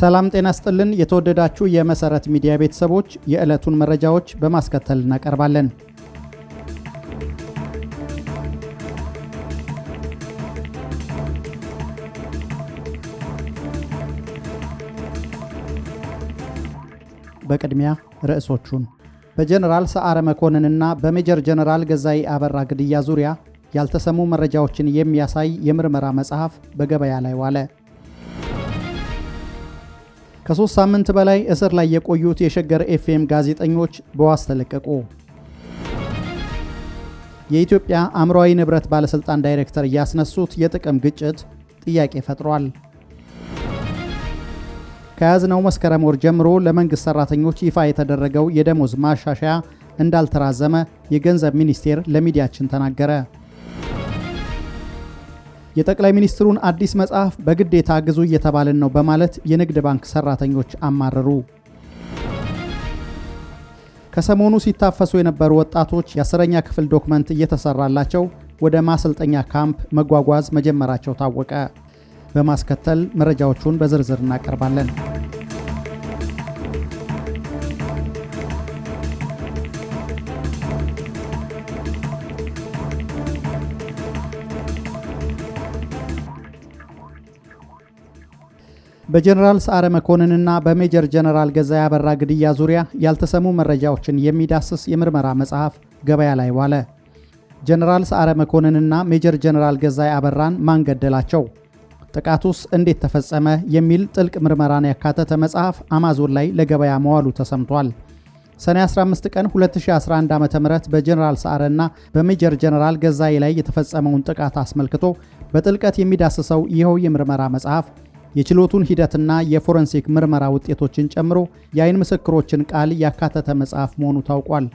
ሰላም ጤና ስጥልን። የተወደዳችሁ የመሰረት ሚዲያ ቤተሰቦች የዕለቱን መረጃዎች በማስከተል እናቀርባለን። በቅድሚያ ርዕሶቹን በጀነራል ሰዓረ መኮንንና በሜጀር ጀነራል ገዛይ አበራ ግድያ ዙሪያ ያልተሰሙ መረጃዎችን የሚያሳይ የምርመራ መጽሐፍ በገበያ ላይ ዋለ። ከሶስት ሳምንት በላይ እስር ላይ የቆዩት የሸገር ኤፍኤም ጋዜጠኞች በዋስ ተለቀቁ። የኢትዮጵያ አእምሯዊ ንብረት ባለሥልጣን ዳይሬክተር እያስነሱት የጥቅም ግጭት ጥያቄ ፈጥሯል። ከያዝነው መስከረም ወር ጀምሮ ለመንግሥት ሠራተኞች ይፋ የተደረገው የደሞዝ ማሻሻያ እንዳልተራዘመ የገንዘብ ሚኒስቴር ለሚዲያችን ተናገረ። የጠቅላይ ሚኒስትሩን አዲስ መጽሐፍ በግዴታ ግዙ እየተባለን ነው በማለት የንግድ ባንክ ሰራተኞች አማረሩ። ከሰሞኑ ሲታፈሱ የነበሩ ወጣቶች የአስረኛ ክፍል ዶክመንት እየተሰራላቸው ወደ ማሰልጠኛ ካምፕ መጓጓዝ መጀመራቸው ታወቀ። በማስከተል መረጃዎቹን በዝርዝር እናቀርባለን። በጀነራል ሰዓረ መኮንንና በሜጀር ጀነራል ገዛ ያበራ ግድያ ዙሪያ ያልተሰሙ መረጃዎችን የሚዳስስ የምርመራ መጽሐፍ ገበያ ላይ ዋለ። ጀነራል ሰዓረ መኮንንና ሜጀር ጀነራል ገዛ ያበራን ማን ገደላቸው? ጥቃቱስ እንዴት ተፈጸመ? የሚል ጥልቅ ምርመራን ያካተተ መጽሐፍ አማዞን ላይ ለገበያ መዋሉ ተሰምቷል። ሰኔ 15 ቀን 2011 ዓ.ም በጀነራል ሰዓረ በሜጀር ጀነራል ገዛይ ላይ የተፈጸመውን ጥቃት አስመልክቶ በጥልቀት የሚዳስሰው ይኸው የምርመራ መጽሐፍ የችሎቱን ሂደትና የፎረንሲክ ምርመራ ውጤቶችን ጨምሮ የአይን ምስክሮችን ቃል ያካተተ መጽሐፍ መሆኑ ታውቋል።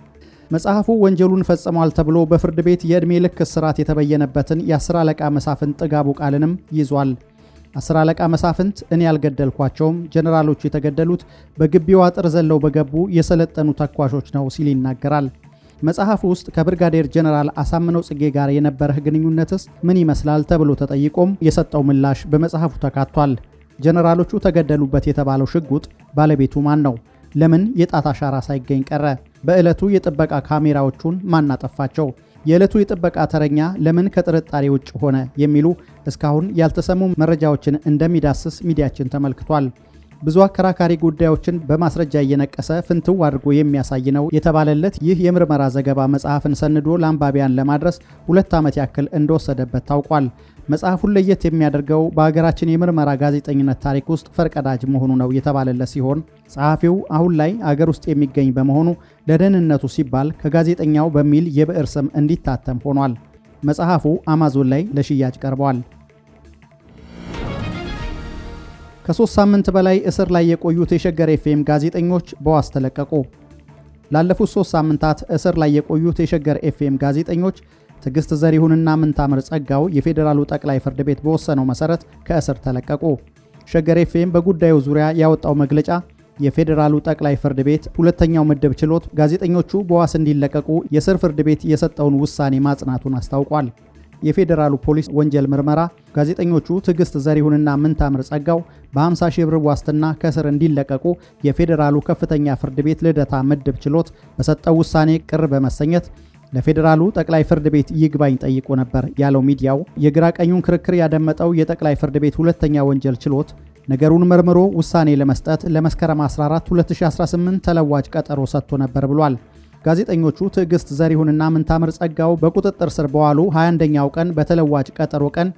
መጽሐፉ ወንጀሉን ፈጽሟል ተብሎ በፍርድ ቤት የዕድሜ ልክ እስራት የተበየነበትን የአስር አለቃ መሳፍንት ጥጋቡ ቃልንም ይዟል። አስር አለቃ መሳፍንት እኔ ያልገደልኳቸውም፣ ጀኔራሎቹ የተገደሉት በግቢው አጥር ዘለው በገቡ የሰለጠኑ ተኳሾች ነው ሲል ይናገራል። መጽሐፍ ውስጥ ከብርጋዴር ጀነራል አሳምነው ጽጌ ጋር የነበረህ ግንኙነትስ ምን ይመስላል ተብሎ ተጠይቆም የሰጠው ምላሽ በመጽሐፉ ተካቷል። ጀነራሎቹ ተገደሉበት የተባለው ሽጉጥ ባለቤቱ ማን ነው? ለምን የጣት አሻራ ሳይገኝ ቀረ? በዕለቱ የጥበቃ ካሜራዎቹን ማናጠፋቸው? የዕለቱ የጥበቃ ተረኛ ለምን ከጥርጣሬ ውጭ ሆነ? የሚሉ እስካሁን ያልተሰሙ መረጃዎችን እንደሚዳስስ ሚዲያችን ተመልክቷል። ብዙ አከራካሪ ጉዳዮችን በማስረጃ እየነቀሰ ፍንትው አድርጎ የሚያሳይ ነው የተባለለት ይህ የምርመራ ዘገባ መጽሐፍን ሰንዶ ለአንባቢያን ለማድረስ ሁለት ዓመት ያክል እንደወሰደበት ታውቋል። መጽሐፉን ለየት የሚያደርገው በሀገራችን የምርመራ ጋዜጠኝነት ታሪክ ውስጥ ፈርቀዳጅ መሆኑ ነው የተባለለት ሲሆን ጸሐፊው አሁን ላይ አገር ውስጥ የሚገኝ በመሆኑ ለደህንነቱ ሲባል ከጋዜጠኛው በሚል የብዕር ስም እንዲታተም ሆኗል። መጽሐፉ አማዞን ላይ ለሽያጭ ቀርቧል። ከሶስት ሳምንት በላይ እስር ላይ የቆዩት የሸገር ኤፍኤም ጋዜጠኞች በዋስ ተለቀቁ። ላለፉት ሶስት ሳምንታት እስር ላይ የቆዩት የሸገር ኤፍኤም ጋዜጠኞች ትዕግስት ዘሪሁንና ምንታምር ጸጋው የፌዴራሉ ጠቅላይ ፍርድ ቤት በወሰነው መሰረት ከእስር ተለቀቁ። ሸገር ኤፍኤም በጉዳዩ ዙሪያ ያወጣው መግለጫ የፌዴራሉ ጠቅላይ ፍርድ ቤት ሁለተኛው ምድብ ችሎት ጋዜጠኞቹ በዋስ እንዲለቀቁ የስር ፍርድ ቤት የሰጠውን ውሳኔ ማጽናቱን አስታውቋል። የፌዴራሉ ፖሊስ ወንጀል ምርመራ ጋዜጠኞቹ ትዕግስት ዘሪሁንና ምንታምር ጸጋው በ50 ሺህ ብር ዋስትና ከስር እንዲለቀቁ የፌዴራሉ ከፍተኛ ፍርድ ቤት ልደታ ምድብ ችሎት በሰጠው ውሳኔ ቅር በመሰኘት ለፌዴራሉ ጠቅላይ ፍርድ ቤት ይግባኝ ጠይቆ ነበር ያለው ሚዲያው የግራ ቀኙን ክርክር ያደመጠው የጠቅላይ ፍርድ ቤት ሁለተኛ ወንጀል ችሎት ነገሩን መርምሮ ውሳኔ ለመስጠት ለመስከረም 14 2018 ተለዋጭ ቀጠሮ ሰጥቶ ነበር ብሏል። ጋዜጠኞቹ ትዕግስት ዘሪሁንና ምንታምር ጸጋው በቁጥጥር ስር በዋሉ 21ኛው ቀን በተለዋጭ ቀጠሮ ቀን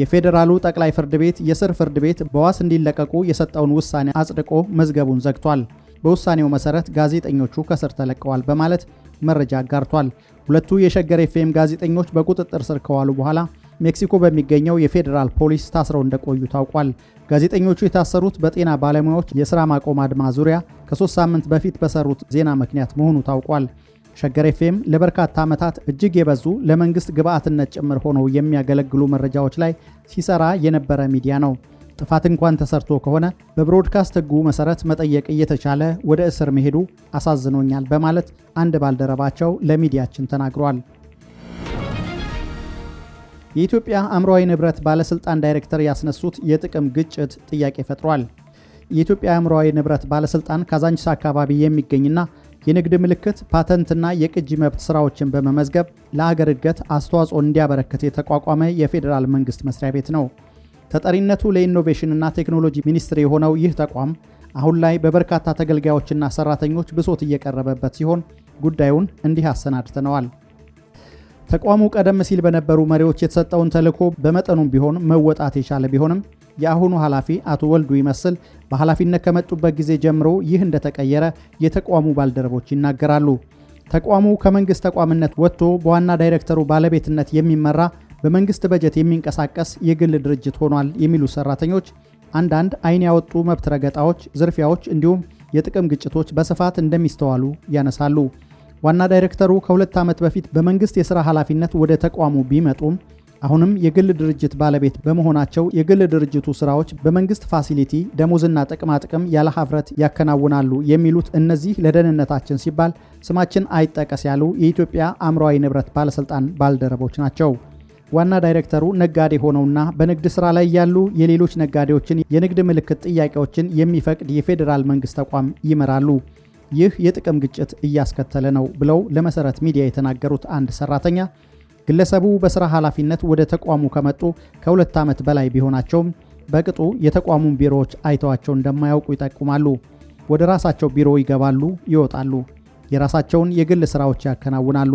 የፌዴራሉ ጠቅላይ ፍርድ ቤት የስር ፍርድ ቤት በዋስ እንዲለቀቁ የሰጠውን ውሳኔ አጽድቆ መዝገቡን ዘግቷል። በውሳኔው መሰረት ጋዜጠኞቹ ከስር ተለቀዋል በማለት መረጃ አጋርቷል። ሁለቱ የሸገር ኤፍኤም ጋዜጠኞች በቁጥጥር ስር ከዋሉ በኋላ ሜክሲኮ በሚገኘው የፌዴራል ፖሊስ ታስረው እንደቆዩ ታውቋል። ጋዜጠኞቹ የታሰሩት በጤና ባለሙያዎች የሥራ ማቆም አድማ ዙሪያ ከሶስት ሳምንት በፊት በሰሩት ዜና ምክንያት መሆኑ ታውቋል። ሸገር ኤፍኤም ለበርካታ ዓመታት እጅግ የበዙ ለመንግስት ግብአትነት ጭምር ሆነው የሚያገለግሉ መረጃዎች ላይ ሲሰራ የነበረ ሚዲያ ነው። ጥፋት እንኳን ተሰርቶ ከሆነ በብሮድካስት ሕጉ መሰረት መጠየቅ እየተቻለ ወደ እስር መሄዱ አሳዝኖኛል በማለት አንድ ባልደረባቸው ለሚዲያችን ተናግሯል። የኢትዮጵያ አእምሯዊ ንብረት ባለሥልጣን ዳይሬክተር ያስነሱት የጥቅም ግጭት ጥያቄ ፈጥሯል። የኢትዮጵያ አእምሯዊ ንብረት ባለሥልጣን ካዛንቺስ አካባቢ የሚገኝና የንግድ ምልክት ፓተንትና የቅጂ መብት ሥራዎችን በመመዝገብ ለአገር እድገት አስተዋጽኦ እንዲያበረክት የተቋቋመ የፌዴራል መንግሥት መስሪያ ቤት ነው። ተጠሪነቱ ለኢኖቬሽንና ቴክኖሎጂ ሚኒስቴር የሆነው ይህ ተቋም አሁን ላይ በበርካታ ተገልጋዮችና ሰራተኞች ብሶት እየቀረበበት ሲሆን ጉዳዩን እንዲህ አሰናድተነዋል። ተቋሙ ቀደም ሲል በነበሩ መሪዎች የተሰጠውን ተልዕኮ በመጠኑም ቢሆን መወጣት የቻለ ቢሆንም የአሁኑ ኃላፊ አቶ ወልዱ ይመስል በኃላፊነት ከመጡበት ጊዜ ጀምሮ ይህ እንደተቀየረ የተቋሙ ባልደረቦች ይናገራሉ። ተቋሙ ከመንግሥት ተቋምነት ወጥቶ በዋና ዳይሬክተሩ ባለቤትነት የሚመራ በመንግስት በጀት የሚንቀሳቀስ የግል ድርጅት ሆኗል የሚሉ ሰራተኞች አንዳንድ አይን ያወጡ መብት ረገጣዎች፣ ዝርፊያዎች እንዲሁም የጥቅም ግጭቶች በስፋት እንደሚስተዋሉ ያነሳሉ። ዋና ዳይሬክተሩ ከሁለት ዓመት በፊት በመንግስት የሥራ ኃላፊነት ወደ ተቋሙ ቢመጡም አሁንም የግል ድርጅት ባለቤት በመሆናቸው የግል ድርጅቱ ስራዎች በመንግስት ፋሲሊቲ ደሞዝና ጥቅማጥቅም ያለ ሀፍረት ያከናውናሉ የሚሉት እነዚህ ለደህንነታችን ሲባል ስማችን አይጠቀስ ያሉ የኢትዮጵያ አእምሯዊ ንብረት ባለስልጣን ባልደረቦች ናቸው። ዋና ዳይሬክተሩ ነጋዴ ሆነውና በንግድ ስራ ላይ ያሉ የሌሎች ነጋዴዎችን የንግድ ምልክት ጥያቄዎችን የሚፈቅድ የፌዴራል መንግስት ተቋም ይመራሉ። ይህ የጥቅም ግጭት እያስከተለ ነው ብለው ለመሰረት ሚዲያ የተናገሩት አንድ ሰራተኛ ግለሰቡ በሥራ ኃላፊነት ወደ ተቋሙ ከመጡ ከሁለት ዓመት በላይ ቢሆናቸውም በቅጡ የተቋሙን ቢሮዎች አይተዋቸው እንደማያውቁ ይጠቁማሉ። ወደ ራሳቸው ቢሮ ይገባሉ፣ ይወጣሉ። የራሳቸውን የግል ሥራዎች ያከናውናሉ።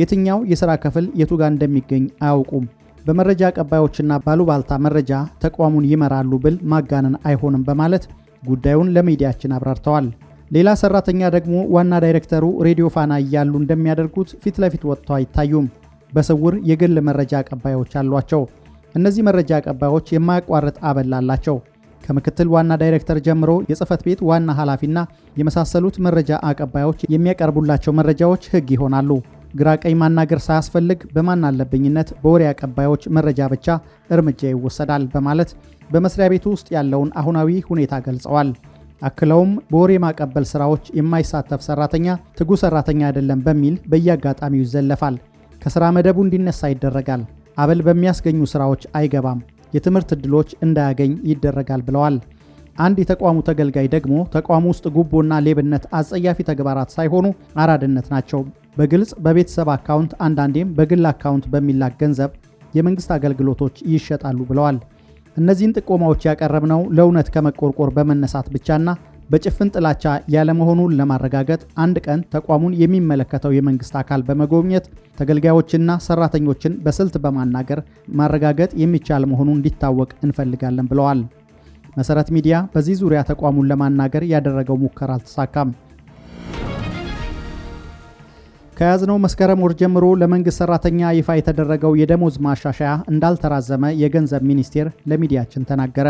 የትኛው የሥራ ክፍል የቱ ጋር እንደሚገኝ አያውቁም። በመረጃ አቀባዮችና ባሉባልታ መረጃ ተቋሙን ይመራሉ ብል ማጋነን አይሆንም በማለት ጉዳዩን ለሚዲያችን አብራርተዋል። ሌላ ሰራተኛ ደግሞ ዋና ዳይሬክተሩ ሬዲዮ ፋና እያሉ እንደሚያደርጉት ፊት ለፊት ወጥተው አይታዩም። በስውር የግል መረጃ አቀባዮች አሏቸው። እነዚህ መረጃ አቀባዮች የማያቋርጥ አበል አላቸው። ከምክትል ዋና ዳይሬክተር ጀምሮ የጽህፈት ቤት ዋና ኃላፊና የመሳሰሉት መረጃ አቀባዮች የሚያቀርቡላቸው መረጃዎች ህግ ይሆናሉ። ግራ ቀኝ ማናገር ሳያስፈልግ በማናለብኝነት በወሬ አቀባዮች መረጃ ብቻ እርምጃ ይወሰዳል በማለት በመስሪያ ቤቱ ውስጥ ያለውን አሁናዊ ሁኔታ ገልጸዋል። አክለውም በወሬ ማቀበል ስራዎች የማይሳተፍ ሰራተኛ ትጉህ ሰራተኛ አይደለም በሚል በየአጋጣሚው ይዘለፋል። ከሥራ መደቡ እንዲነሳ ይደረጋል። አበል በሚያስገኙ ሥራዎች አይገባም፣ የትምህርት ዕድሎች እንዳያገኝ ይደረጋል ብለዋል። አንድ የተቋሙ ተገልጋይ ደግሞ ተቋሙ ውስጥ ጉቦና ሌብነት አጸያፊ ተግባራት ሳይሆኑ አራድነት ናቸው። በግልጽ በቤተሰብ አካውንት አንዳንዴም በግል አካውንት በሚላክ ገንዘብ የመንግስት አገልግሎቶች ይሸጣሉ ብለዋል። እነዚህን ጥቆማዎች ያቀረብነው ለእውነት ከመቆርቆር በመነሳት ብቻና በጭፍን ጥላቻ ያለመሆኑን ለማረጋገጥ አንድ ቀን ተቋሙን የሚመለከተው የመንግስት አካል በመጎብኘት ተገልጋዮችና ሰራተኞችን በስልት በማናገር ማረጋገጥ የሚቻል መሆኑን እንዲታወቅ እንፈልጋለን ብለዋል። መሰረት ሚዲያ በዚህ ዙሪያ ተቋሙን ለማናገር ያደረገው ሙከራ አልተሳካም። ከያዝነው መስከረም ወር ጀምሮ ለመንግሥት ሠራተኛ ይፋ የተደረገው የደሞዝ ማሻሻያ እንዳልተራዘመ የገንዘብ ሚኒስቴር ለሚዲያችን ተናገረ።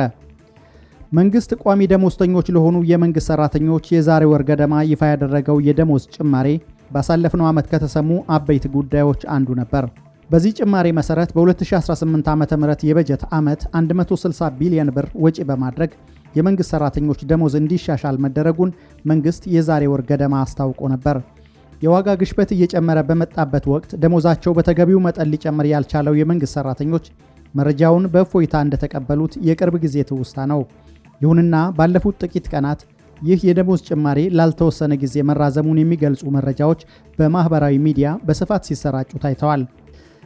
መንግስት ቋሚ ደሞዝተኞች ለሆኑ የመንግስት ሰራተኞች የዛሬ ወር ገደማ ይፋ ያደረገው የደሞዝ ጭማሬ ባሳለፍነው ዓመት ከተሰሙ አበይት ጉዳዮች አንዱ ነበር። በዚህ ጭማሬ መሰረት በ2018 ዓ ም የበጀት ዓመት 160 ቢሊዮን ብር ወጪ በማድረግ የመንግሥት ሠራተኞች ደሞዝ እንዲሻሻል መደረጉን መንግሥት የዛሬ ወር ገደማ አስታውቆ ነበር። የዋጋ ግሽበት እየጨመረ በመጣበት ወቅት ደሞዛቸው በተገቢው መጠን ሊጨምር ያልቻለው የመንግሥት ሠራተኞች መረጃውን በእፎይታ እንደተቀበሉት የቅርብ ጊዜ ትውስታ ነው። ይሁንና ባለፉት ጥቂት ቀናት ይህ የደሞዝ ጭማሪ ላልተወሰነ ጊዜ መራዘሙን የሚገልጹ መረጃዎች በማኅበራዊ ሚዲያ በስፋት ሲሰራጩ ታይተዋል።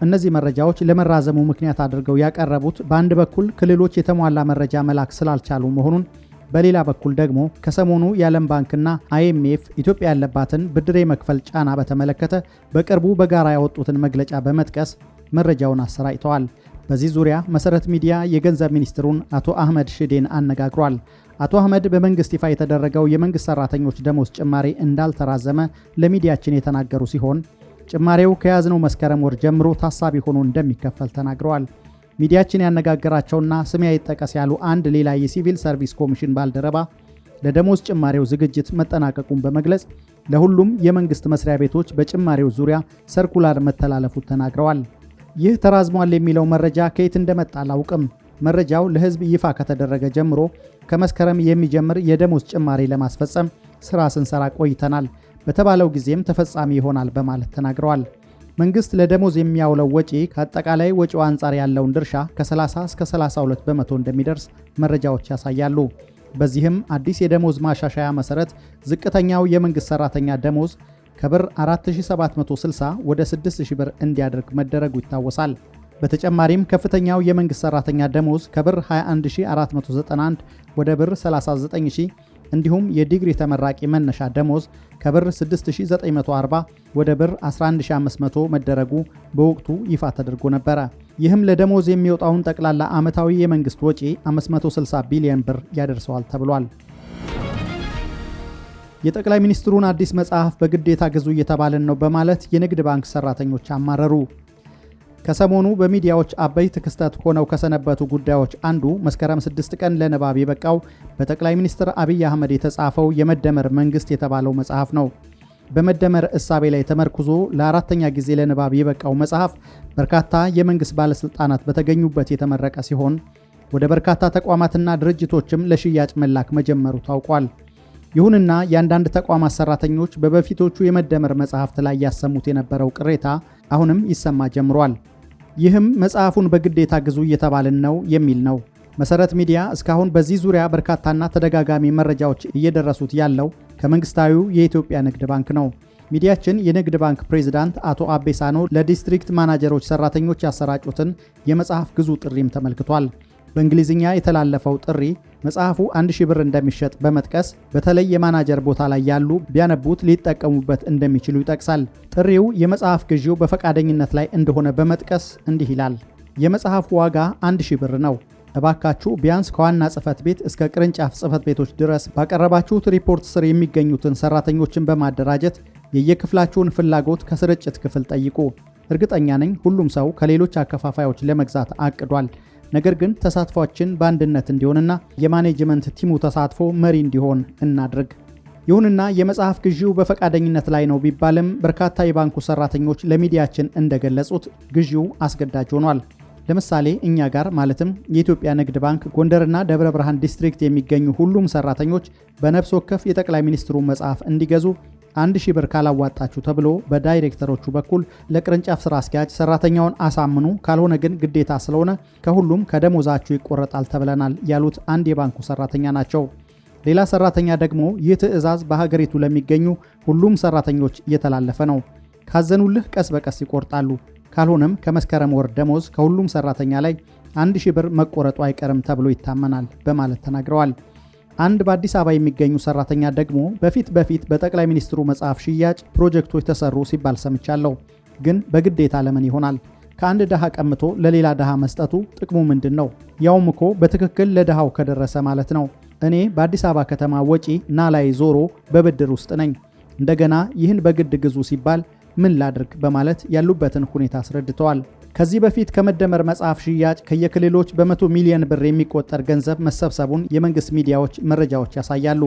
እነዚህ መረጃዎች ለመራዘሙ ምክንያት አድርገው ያቀረቡት በአንድ በኩል ክልሎች የተሟላ መረጃ መላክ ስላልቻሉ መሆኑን በሌላ በኩል ደግሞ ከሰሞኑ የዓለም ባንክና አይኤምኤፍ ኢትዮጵያ ያለባትን ብድር የመክፈል ጫና በተመለከተ በቅርቡ በጋራ ያወጡትን መግለጫ በመጥቀስ መረጃውን አሰራጭተዋል። በዚህ ዙሪያ መሰረት ሚዲያ የገንዘብ ሚኒስትሩን አቶ አህመድ ሽዴን አነጋግሯል። አቶ አህመድ በመንግስት ይፋ የተደረገው የመንግስት ሰራተኞች ደሞዝ ጭማሪ እንዳልተራዘመ ለሚዲያችን የተናገሩ ሲሆን ጭማሬው ከያዝነው መስከረም ወር ጀምሮ ታሳቢ ሆኖ እንደሚከፈል ተናግረዋል። ሚዲያችን ያነጋገራቸውና ስሜ ይጠቀስ ያሉ አንድ ሌላ የሲቪል ሰርቪስ ኮሚሽን ባልደረባ ለደሞዝ ጭማሬው ዝግጅት መጠናቀቁን በመግለጽ ለሁሉም የመንግስት መስሪያ ቤቶች በጭማሬው ዙሪያ ሰርኩላር መተላለፉ ተናግረዋል። ይህ ተራዝሟል የሚለው መረጃ ከየት እንደመጣ አላውቅም። መረጃው ለህዝብ ይፋ ከተደረገ ጀምሮ ከመስከረም የሚጀምር የደሞዝ ጭማሪ ለማስፈጸም ስራ ስንሰራ ቆይተናል። በተባለው ጊዜም ተፈጻሚ ይሆናል በማለት ተናግረዋል። መንግስት ለደሞዝ የሚያውለው ወጪ ከአጠቃላይ ወጪው አንጻር ያለውን ድርሻ ከ30 እስከ 32 በመቶ እንደሚደርስ መረጃዎች ያሳያሉ። በዚህም አዲስ የደሞዝ ማሻሻያ መሰረት ዝቅተኛው የመንግሥት ሠራተኛ ደሞዝ ከብር 4760 ወደ 6000 ብር እንዲያደርግ መደረጉ ይታወሳል። በተጨማሪም ከፍተኛው የመንግሥት ሠራተኛ ደሞዝ ከብር 21491 ወደ ብር 39000 እንዲሁም የዲግሪ ተመራቂ መነሻ ደሞዝ ከብር 6940 ወደ ብር 11500 መደረጉ በወቅቱ ይፋ ተደርጎ ነበረ። ይህም ለደሞዝ የሚወጣውን ጠቅላላ ዓመታዊ የመንግሥት ወጪ 560 ቢሊዮን ብር ያደርሰዋል ተብሏል። የጠቅላይ ሚኒስትሩን አዲስ መጽሐፍ በግዴታ ግዙ እየተባለን ነው በማለት የንግድ ባንክ ሰራተኞች አማረሩ። ከሰሞኑ በሚዲያዎች አበይት ክስተት ሆነው ከሰነበቱ ጉዳዮች አንዱ መስከረም 6 ቀን ለንባብ የበቃው በጠቅላይ ሚኒስትር አብይ አህመድ የተጻፈው የመደመር መንግስት የተባለው መጽሐፍ ነው። በመደመር እሳቤ ላይ ተመርኩዞ ለአራተኛ ጊዜ ለንባብ የበቃው መጽሐፍ በርካታ የመንግስት ባለሥልጣናት በተገኙበት የተመረቀ ሲሆን ወደ በርካታ ተቋማትና ድርጅቶችም ለሽያጭ መላክ መጀመሩ ታውቋል። ይሁንና የአንዳንድ ተቋማት ሰራተኞች በበፊቶቹ የመደመር መጽሐፍት ላይ ያሰሙት የነበረው ቅሬታ አሁንም ይሰማ ጀምሯል። ይህም መጽሐፉን በግዴታ ግዙ እየተባልን ነው የሚል ነው። መሰረት ሚዲያ እስካሁን በዚህ ዙሪያ በርካታና ተደጋጋሚ መረጃዎች እየደረሱት ያለው ከመንግስታዊው የኢትዮጵያ ንግድ ባንክ ነው። ሚዲያችን የንግድ ባንክ ፕሬዝዳንት አቶ አቤሳኖ ለዲስትሪክት ማናጀሮች ሰራተኞች ያሰራጩትን የመጽሐፍ ግዙ ጥሪም ተመልክቷል። በእንግሊዝኛ የተላለፈው ጥሪ መጽሐፉ አንድ ሺህ ብር እንደሚሸጥ በመጥቀስ በተለይ የማናጀር ቦታ ላይ ያሉ ቢያነቡት ሊጠቀሙበት እንደሚችሉ ይጠቅሳል። ጥሪው የመጽሐፍ ግዢው በፈቃደኝነት ላይ እንደሆነ በመጥቀስ እንዲህ ይላል። የመጽሐፉ ዋጋ አንድ ሺህ ብር ነው። እባካችሁ ቢያንስ ከዋና ጽህፈት ቤት እስከ ቅርንጫፍ ጽህፈት ቤቶች ድረስ ባቀረባችሁት ሪፖርት ስር የሚገኙትን ሰራተኞችን በማደራጀት የየክፍላችሁን ፍላጎት ከስርጭት ክፍል ጠይቁ። እርግጠኛ ነኝ ሁሉም ሰው ከሌሎች አከፋፋዮች ለመግዛት አቅዷል። ነገር ግን ተሳትፏችን በአንድነት እንዲሆንና የማኔጅመንት ቲሙ ተሳትፎ መሪ እንዲሆን እናድርግ። ይሁንና የመጽሐፍ ግዢው በፈቃደኝነት ላይ ነው ቢባልም በርካታ የባንኩ ሰራተኞች ለሚዲያችን እንደገለጹት ግዢው አስገዳጅ ሆኗል። ለምሳሌ እኛ ጋር ማለትም የኢትዮጵያ ንግድ ባንክ ጎንደርና ደብረ ብርሃን ዲስትሪክት የሚገኙ ሁሉም ሰራተኞች በነፍስ ወከፍ የጠቅላይ ሚኒስትሩ መጽሐፍ እንዲገዙ አንድ ሺህ ብር ካላዋጣችሁ ተብሎ በዳይሬክተሮቹ በኩል ለቅርንጫፍ ስራ አስኪያጅ ሰራተኛውን አሳምኑ፣ ካልሆነ ግን ግዴታ ስለሆነ ከሁሉም ከደሞዛችሁ ይቆረጣል ተብለናል ያሉት አንድ የባንኩ ሰራተኛ ናቸው። ሌላ ሰራተኛ ደግሞ ይህ ትዕዛዝ በሀገሪቱ ለሚገኙ ሁሉም ሰራተኞች እየተላለፈ ነው። ካዘኑልህ ቀስ በቀስ ይቆርጣሉ፣ ካልሆነም ከመስከረም ወር ደሞዝ ከሁሉም ሰራተኛ ላይ አንድ ሺህ ብር መቆረጡ አይቀርም ተብሎ ይታመናል በማለት ተናግረዋል። አንድ በአዲስ አበባ የሚገኙ ሰራተኛ ደግሞ በፊት በፊት በጠቅላይ ሚኒስትሩ መጽሐፍ ሽያጭ ፕሮጀክቶች ተሰሩ ሲባል ሰምቻለሁ። ግን በግዴታ ለምን ይሆናል? ከአንድ ድሃ ቀምቶ ለሌላ ድሃ መስጠቱ ጥቅሙ ምንድን ነው? ያውም እኮ በትክክል ለድሃው ከደረሰ ማለት ነው። እኔ በአዲስ አበባ ከተማ ወጪ ና ላይ ዞሮ በብድር ውስጥ ነኝ። እንደገና ይህን በግድ ግዙ ሲባል ምን ላድርግ በማለት ያሉበትን ሁኔታ አስረድተዋል። ከዚህ በፊት ከመደመር መጽሐፍ ሽያጭ ከየክልሎች በመቶ ሚሊዮን ብር የሚቆጠር ገንዘብ መሰብሰቡን የመንግስት ሚዲያዎች መረጃዎች ያሳያሉ።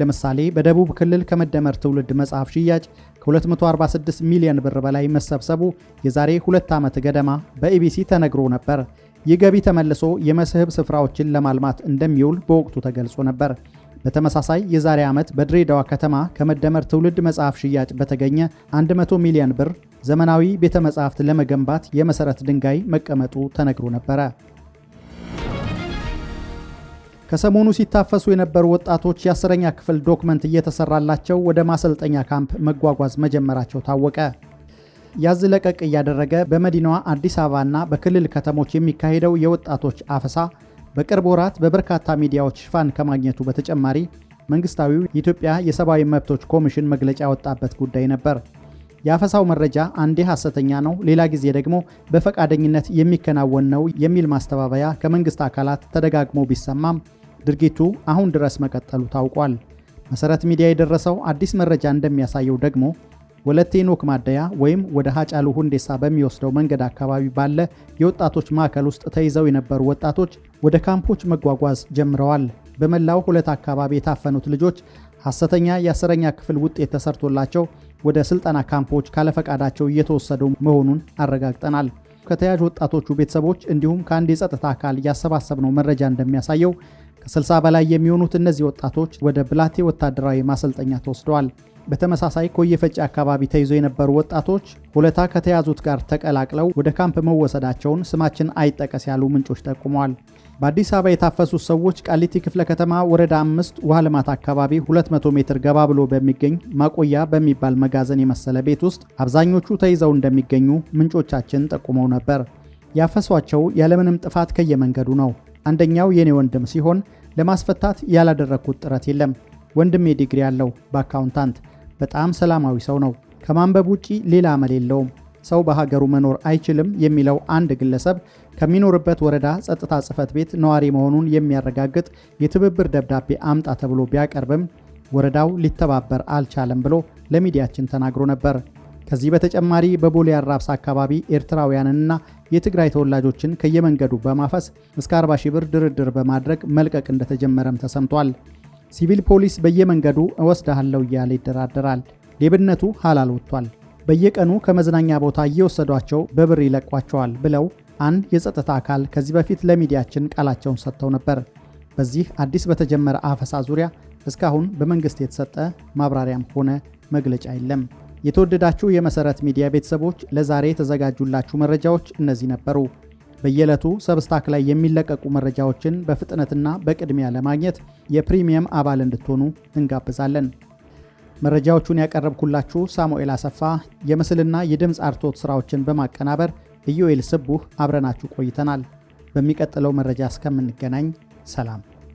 ለምሳሌ በደቡብ ክልል ከመደመር ትውልድ መጽሐፍ ሽያጭ ከ246 ሚሊዮን ብር በላይ መሰብሰቡ የዛሬ ሁለት ዓመት ገደማ በኢቢሲ ተነግሮ ነበር። ይህ ገቢ ተመልሶ የመስህብ ስፍራዎችን ለማልማት እንደሚውል በወቅቱ ተገልጾ ነበር። በተመሳሳይ የዛሬ ዓመት በድሬዳዋ ከተማ ከመደመር ትውልድ መጽሐፍ ሽያጭ በተገኘ 100 ሚሊዮን ብር ዘመናዊ ቤተ መጻሕፍት ለመገንባት የመሠረት ድንጋይ መቀመጡ ተነግሮ ነበረ። ከሰሞኑ ሲታፈሱ የነበሩ ወጣቶች የአስረኛ ክፍል ዶክመንት እየተሰራላቸው ወደ ማሰልጠኛ ካምፕ መጓጓዝ መጀመራቸው ታወቀ። ያዝ ለቀቅ እያደረገ በመዲናዋ አዲስ አበባና በክልል ከተሞች የሚካሄደው የወጣቶች አፈሳ በቅርብ ወራት በበርካታ ሚዲያዎች ሽፋን ከማግኘቱ በተጨማሪ መንግስታዊው የኢትዮጵያ የሰብአዊ መብቶች ኮሚሽን መግለጫ ያወጣበት ጉዳይ ነበር። የአፈሳው መረጃ አንዴ ሐሰተኛ ነው፣ ሌላ ጊዜ ደግሞ በፈቃደኝነት የሚከናወን ነው የሚል ማስተባበያ ከመንግስት አካላት ተደጋግሞ ቢሰማም ድርጊቱ አሁን ድረስ መቀጠሉ ታውቋል። መሰረት ሚዲያ የደረሰው አዲስ መረጃ እንደሚያሳየው ደግሞ ወለቴ ኖክ ማደያ ወይም ወደ ሀጫሉ ሁንዴሳ በሚወስደው መንገድ አካባቢ ባለ የወጣቶች ማዕከል ውስጥ ተይዘው የነበሩ ወጣቶች ወደ ካምፖች መጓጓዝ ጀምረዋል። በመላው ሁለት አካባቢ የታፈኑት ልጆች ሐሰተኛ የአስረኛ ክፍል ውጤት ተሰርቶላቸው ወደ ስልጠና ካምፖች ካለፈቃዳቸው እየተወሰዱ መሆኑን አረጋግጠናል። ከተያዥ ወጣቶቹ ቤተሰቦች እንዲሁም ከአንድ የጸጥታ አካል ያሰባሰብነው መረጃ እንደሚያሳየው ከ60 በላይ የሚሆኑት እነዚህ ወጣቶች ወደ ብላቴ ወታደራዊ ማሰልጠኛ ተወስደዋል። በተመሳሳይ ኮየፈጪ አካባቢ ተይዞ የነበሩ ወጣቶች ሁለታ ከተያዙት ጋር ተቀላቅለው ወደ ካምፕ መወሰዳቸውን ስማችን አይጠቀስ ያሉ ምንጮች ጠቁመዋል። በአዲስ አበባ የታፈሱት ሰዎች ቃሊቲ ክፍለ ከተማ ወረዳ አምስት ውሃ ልማት አካባቢ 200 ሜትር ገባ ብሎ በሚገኝ ማቆያ በሚባል መጋዘን የመሰለ ቤት ውስጥ አብዛኞቹ ተይዘው እንደሚገኙ ምንጮቻችን ጠቁመው ነበር። ያፈሷቸው ያለምንም ጥፋት ከየመንገዱ ነው። አንደኛው የኔ ወንድም ሲሆን ለማስፈታት ያላደረግኩት ጥረት የለም። ወንድሜ ዲግሪ አለው በአካውንታንት በጣም ሰላማዊ ሰው ነው። ከማንበብ ውጪ ሌላ አመል የለውም። ሰው በሀገሩ መኖር አይችልም የሚለው አንድ ግለሰብ ከሚኖርበት ወረዳ ጸጥታ ጽህፈት ቤት ነዋሪ መሆኑን የሚያረጋግጥ የትብብር ደብዳቤ አምጣ ተብሎ ቢያቀርብም ወረዳው ሊተባበር አልቻለም ብሎ ለሚዲያችን ተናግሮ ነበር። ከዚህ በተጨማሪ በቦሌ አካባቢ ኤርትራውያንንና የትግራይ ተወላጆችን ከየመንገዱ በማፈስ እስከ 40 ሺህ ብር ድርድር በማድረግ መልቀቅ እንደተጀመረም ተሰምቷል። ሲቪል ፖሊስ በየመንገዱ እወስድሃለሁ እያለ ይደራደራል። ሌብነቱ ሀላል ወጥቷል። በየቀኑ ከመዝናኛ ቦታ እየወሰዷቸው በብር ይለቋቸዋል ብለው አንድ የጸጥታ አካል ከዚህ በፊት ለሚዲያችን ቃላቸውን ሰጥተው ነበር። በዚህ አዲስ በተጀመረ አፈሳ ዙሪያ እስካሁን በመንግስት የተሰጠ ማብራሪያም ሆነ መግለጫ የለም። የተወደዳችሁ የመሰረት ሚዲያ ቤተሰቦች ለዛሬ የተዘጋጁላችሁ መረጃዎች እነዚህ ነበሩ። በየዕለቱ ሰብስታክ ላይ የሚለቀቁ መረጃዎችን በፍጥነትና በቅድሚያ ለማግኘት የፕሪሚየም አባል እንድትሆኑ እንጋብዛለን። መረጃዎቹን ያቀረብኩላችሁ ሳሙኤል አሰፋ፣ የምስልና የድምፅ አርቶት ስራዎችን በማቀናበር ኢዩኤል ስቡህ፣ አብረናችሁ ቆይተናል። በሚቀጥለው መረጃ እስከምንገናኝ ሰላም።